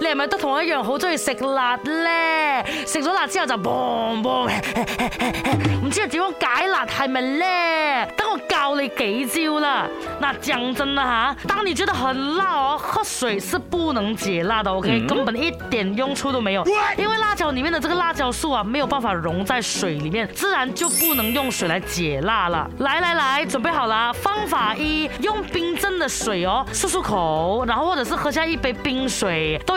你係咪都同我一樣好中意食辣咧？食咗辣之後就嘣嘣，唔知點樣解辣係咪咧？等我教你幾招啦。嗱，講真啦吓，當你覺得很辣哦，喝水是不能解辣的，OK？嗯、根本一點用處都沒有，因為辣椒裏面的這個辣椒素啊，沒有辦法溶在水裏面，自然就不能用水來解辣啦。來來來，準備好啦，方法一，用冰鎮的水哦，漱漱口，然後或者是喝下一杯冰水都。